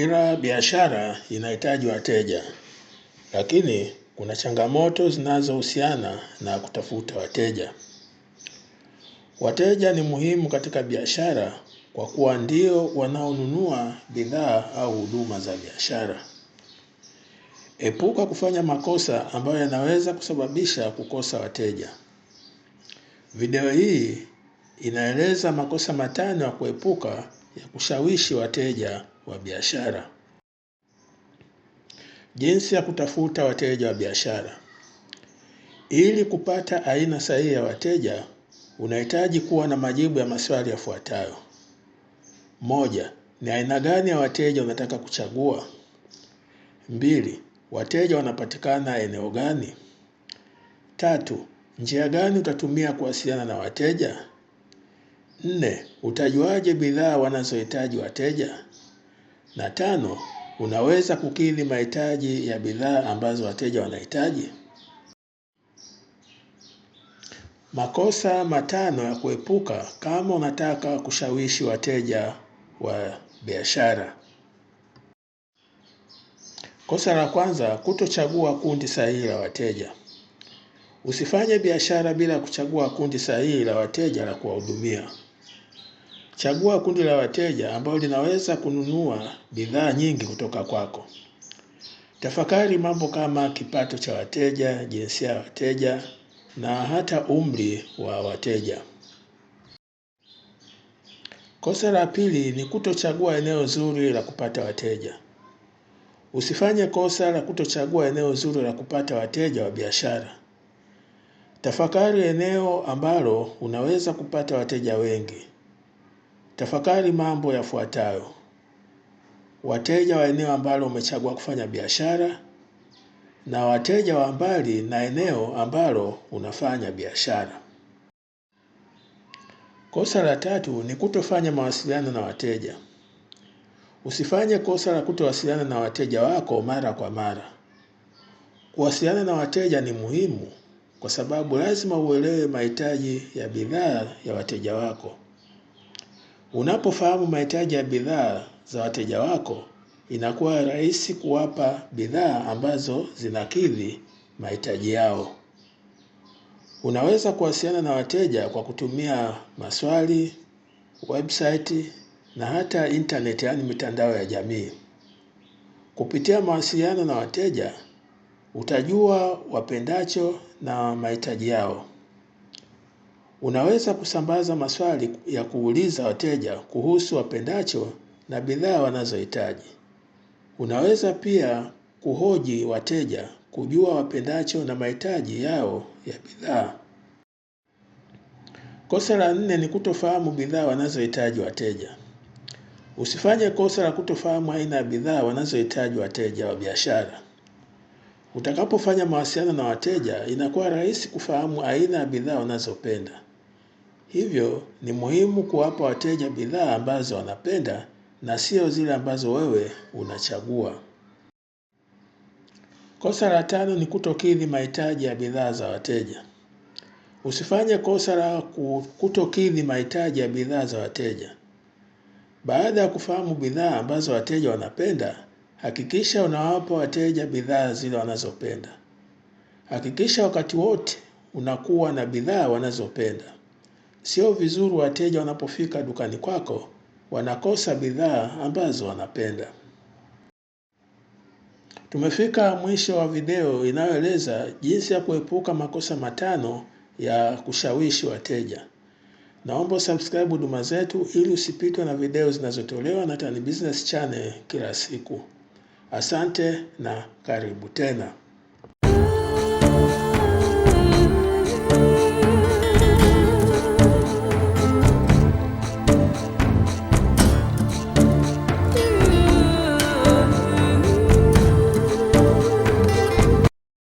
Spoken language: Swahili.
Kila biashara inahitaji wateja, lakini kuna changamoto zinazohusiana na kutafuta wateja. Wateja ni muhimu katika biashara kwa kuwa ndio wanaonunua bidhaa au huduma za biashara. Epuka kufanya makosa ambayo yanaweza kusababisha kukosa wateja. Video hii inaeleza makosa matano ya kuepuka ya kushawishi wateja wa biashara. Jinsi ya kutafuta wateja wa biashara. Ili kupata aina sahihi ya wateja, unahitaji kuwa na majibu ya maswali yafuatayo. Moja, ni aina gani ya wateja unataka kuchagua? Mbili, wateja wanapatikana eneo gani? Tatu, njia gani utatumia kuwasiliana na wateja? Nne, utajuaje bidhaa wanazohitaji wateja? Na tano, unaweza kukidhi mahitaji ya bidhaa ambazo wateja wanahitaji? Makosa matano ya kuepuka kama unataka kushawishi wateja wa biashara. Kosa la kwanza, kutochagua kundi sahihi la wateja. Usifanye biashara bila kuchagua kundi sahihi la wateja la kuwahudumia. Chagua kundi la wateja ambao linaweza kununua bidhaa nyingi kutoka kwako. Tafakari mambo kama kipato cha wateja, jinsia ya wateja na hata umri wa wateja. Kosa la pili ni kutochagua eneo zuri la kupata wateja. Usifanye kosa la kutochagua eneo zuri la kupata wateja wa biashara. Tafakari eneo ambalo unaweza kupata wateja wengi. Tafakari mambo yafuatayo: wateja wa eneo ambalo umechagua kufanya biashara na wateja wa mbali na eneo ambalo unafanya biashara. Kosa la tatu ni kutofanya mawasiliano na wateja. Usifanye kosa la kutowasiliana na wateja wako mara kwa mara. Kuwasiliana na wateja ni muhimu kwa sababu lazima uelewe mahitaji ya bidhaa ya wateja wako. Unapofahamu mahitaji ya bidhaa za wateja wako, inakuwa rahisi kuwapa bidhaa ambazo zinakidhi mahitaji yao. Unaweza kuwasiliana na wateja kwa kutumia maswali, website na hata internet, yaani mitandao ya jamii. Kupitia mawasiliano na wateja utajua wapendacho na mahitaji yao. Unaweza kusambaza maswali ya kuuliza wateja kuhusu wapendacho na bidhaa wanazohitaji. Unaweza pia kuhoji wateja kujua wapendacho na mahitaji yao ya bidhaa. Kosa la nne ni kutofahamu bidhaa wanazohitaji wateja. Usifanye kosa la kutofahamu aina ya bidhaa wanazohitaji wateja wa biashara. Utakapofanya mawasiliano na wateja, inakuwa rahisi kufahamu aina ya bidhaa wanazopenda. Hivyo ni muhimu kuwapa wateja bidhaa ambazo wanapenda na sio zile ambazo wewe unachagua. Kosa la tano ni kutokidhi mahitaji ya bidhaa za wateja. Usifanye kosa la kutokidhi mahitaji ya bidhaa za wateja. Baada ya kufahamu bidhaa ambazo wateja wanapenda, hakikisha unawapa wateja bidhaa zile wanazopenda. Hakikisha wakati wote unakuwa na bidhaa wanazopenda. Sio vizuri wateja wanapofika dukani kwako wanakosa bidhaa ambazo wanapenda. Tumefika mwisho wa video inayoeleza jinsi ya kuepuka makosa matano ya kushawishi wateja. Naomba subscribe huduma zetu ili usipitwe na video zinazotolewa na Tan Business Channel kila siku. Asante na karibu tena.